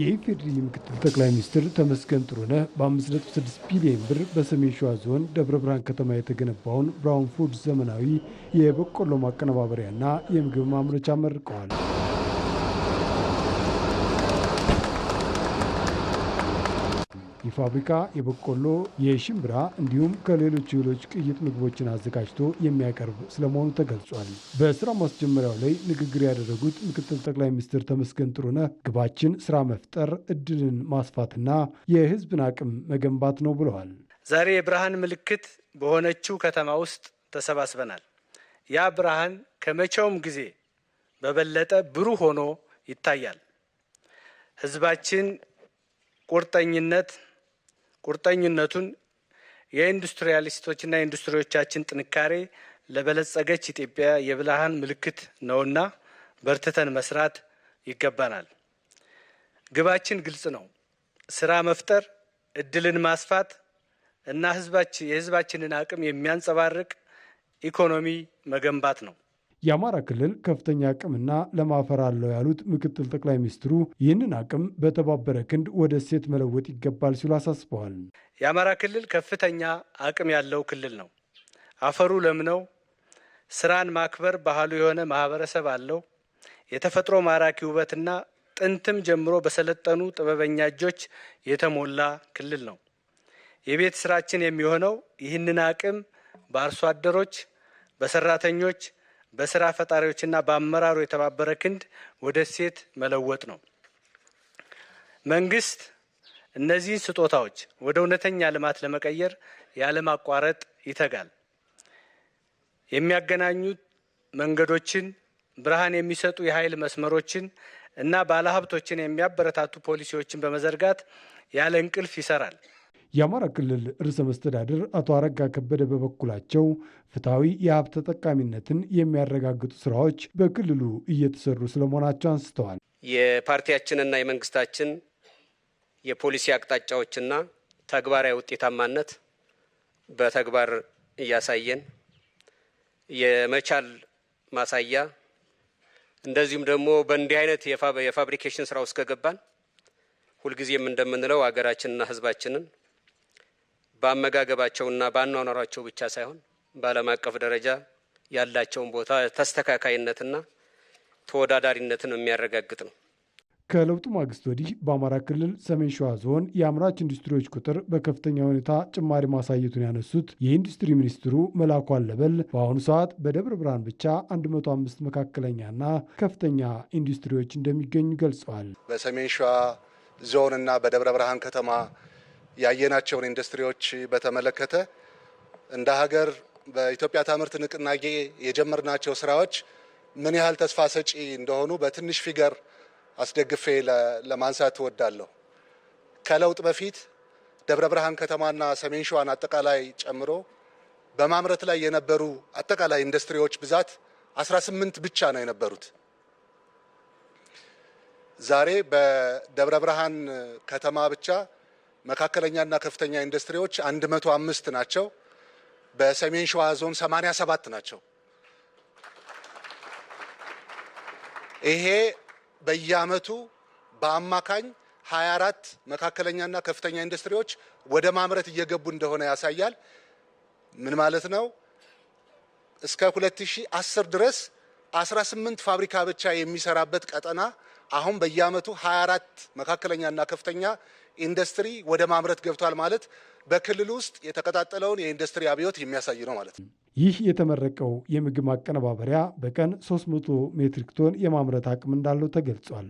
የኢፌዴሪ ምክትል ጠቅላይ ሚኒስትር ተመስገን ጥሩነህ በ56 ቢሊዮን ብር በሰሜን ሸዋ ዞን ደብረ ብርሃን ከተማ የተገነባውን ብራውን ፉድ ዘመናዊ የበቆሎ ማቀነባበሪያና የምግብ ማምረቻ መርቀዋል። የፋብሪካ የበቆሎ፣ የሽምብራ እንዲሁም ከሌሎች እህሎች ቅይጥ ምግቦችን አዘጋጅቶ የሚያቀርብ ስለመሆኑ ተገልጿል። በስራ ማስጀመሪያው ላይ ንግግር ያደረጉት ምክትል ጠቅላይ ሚኒስትር ተመስገን ጥሩነህ ግባችን ስራ መፍጠር፣ እድልን ማስፋትና የህዝብን አቅም መገንባት ነው ብለዋል። ዛሬ የብርሃን ምልክት በሆነችው ከተማ ውስጥ ተሰባስበናል። ያ ብርሃን ከመቼውም ጊዜ በበለጠ ብሩህ ሆኖ ይታያል። ህዝባችን ቁርጠኝነት ቁርጠኝነቱን የኢንዱስትሪያሊስቶችና የኢንዱስትሪዎቻችን ጥንካሬ ለበለጸገች ኢትዮጵያ የብልሃን ምልክት ነውና በርትተን መስራት ይገባናል። ግባችን ግልጽ ነው። ስራ መፍጠር፣ እድልን ማስፋት እና የህዝባችንን አቅም የሚያንጸባርቅ ኢኮኖሚ መገንባት ነው። የአማራ ክልል ከፍተኛ አቅምና ለማፈር አለው ያሉት ምክትል ጠቅላይ ሚኒስትሩ ይህንን አቅም በተባበረ ክንድ ወደ እሴት መለወጥ ይገባል ሲሉ አሳስበዋል። የአማራ ክልል ከፍተኛ አቅም ያለው ክልል ነው። አፈሩ ለምነው፣ ስራን ማክበር ባህሉ የሆነ ማህበረሰብ አለው። የተፈጥሮ ማራኪ ውበትና ጥንትም ጀምሮ በሰለጠኑ ጥበበኛ እጆች የተሞላ ክልል ነው። የቤት ስራችን የሚሆነው ይህንን አቅም በአርሶ አደሮች፣ በሰራተኞች በስራ ፈጣሪዎችና በአመራሩ የተባበረ ክንድ ወደ ሴት መለወጥ ነው። መንግስት እነዚህን ስጦታዎች ወደ እውነተኛ ልማት ለመቀየር ያለማቋረጥ ይተጋል። የሚያገናኙ መንገዶችን፣ ብርሃን የሚሰጡ የኃይል መስመሮችን እና ባለሀብቶችን የሚያበረታቱ ፖሊሲዎችን በመዘርጋት ያለ እንቅልፍ ይሰራል። የአማራ ክልል ርዕሰ መስተዳድር አቶ አረጋ ከበደ በበኩላቸው ፍትሐዊ የሀብት ተጠቃሚነትን የሚያረጋግጡ ስራዎች በክልሉ እየተሰሩ ስለመሆናቸው አንስተዋል። የፓርቲያችንና የመንግስታችን የፖሊሲ አቅጣጫዎችና ተግባራዊ ውጤታማነት በተግባር እያሳየን የመቻል ማሳያ እንደዚሁም ደግሞ በእንዲህ አይነት የፋብሪኬሽን ስራ ውስጥ ከገባን ሁልጊዜም እንደምንለው ሀገራችንና ሕዝባችንን በአመጋገባቸውና በአኗኗሯቸው ብቻ ሳይሆን በዓለም አቀፍ ደረጃ ያላቸውን ቦታ ተስተካካይነትና ተወዳዳሪነትን የሚያረጋግጥ ነው። ከለውጡ ማግስት ወዲህ በአማራ ክልል ሰሜን ሸዋ ዞን የአምራች ኢንዱስትሪዎች ቁጥር በከፍተኛ ሁኔታ ጭማሪ ማሳየቱን ያነሱት የኢንዱስትሪ ሚኒስትሩ መላኩ አለበል በአሁኑ ሰዓት በደብረ ብርሃን ብቻ 105 መካከለኛና ከፍተኛ ኢንዱስትሪዎች እንደሚገኙ ገልጸዋል። በሰሜን ሸዋ ዞንና በደብረ ብርሃን ከተማ ያየናቸውን ኢንዱስትሪዎች በተመለከተ እንደ ሀገር በኢትዮጵያ ታምርት ንቅናቄ የጀመርናቸው ስራዎች ምን ያህል ተስፋ ሰጪ እንደሆኑ በትንሽ ፊገር አስደግፌ ለማንሳት ትወዳለሁ። ከለውጥ በፊት ደብረ ብርሃን ከተማና ሰሜን ሸዋን አጠቃላይ ጨምሮ በማምረት ላይ የነበሩ አጠቃላይ ኢንዱስትሪዎች ብዛት 18 ብቻ ነው የነበሩት። ዛሬ በደብረ ብርሃን ከተማ ብቻ መካከለኛና ከፍተኛ ኢንዱስትሪዎች 105 ናቸው። በሰሜን ሸዋ ዞን 87 ናቸው። ይሄ በየአመቱ በአማካኝ 24 መካከለኛና ከፍተኛ ኢንዱስትሪዎች ወደ ማምረት እየገቡ እንደሆነ ያሳያል። ምን ማለት ነው? እስከ 2010 ድረስ 18 ፋብሪካ ብቻ የሚሰራበት ቀጠና አሁን በየአመቱ 24 መካከለኛና ከፍተኛ ኢንዱስትሪ ወደ ማምረት ገብቷል ማለት በክልል ውስጥ የተቀጣጠለውን የኢንዱስትሪ አብዮት የሚያሳይ ነው ማለት ነው። ይህ የተመረቀው የምግብ ማቀነባበሪያ በቀን 300 ሜትሪክ ቶን የማምረት አቅም እንዳለው ተገልጿል።